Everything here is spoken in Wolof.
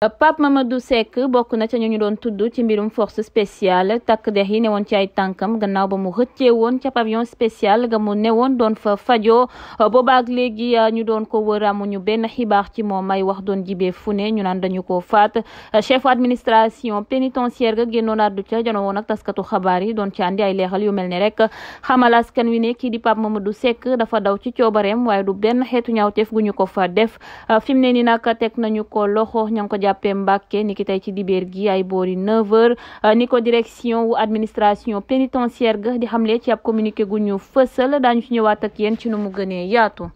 Pape Mamadou Seck bokk na ca ñu ñu doon tudd ci mbirum force spéciale takk dex yi newoon ci ay tànkam gannaaw ba mu rëccee woon ca pavillon spécial ga mu newoon doon fa fajoo boobaak léegi ah, ñu doon ko wër amuñu benn xibaar ci moom ay wax doon jibee fu ne ñu naan dañu ko faat chef administration pénitentiaire ga génnoon addu ca janoo woon ak taskatu xabaar yi doon ci andi ay leexal yu mel ne rek xamal askan wi ne kii di Pape Mamadou Seck dafa daw ci coobareem waaye du benn xeetu ñaawteef gu ñu ko fa def ah, fi mu ne ni nag teg nañu ko loxo ña ko jàppee Mbàkke ni ki tey ci dibéer gi ay boori 9h euh, ni ko direction wu administration pénitentiaire ga di xamle ci ab communiqué gu ñu fësal daañu ci ñëwaat ak yéen ci nu mu gënee yaatu.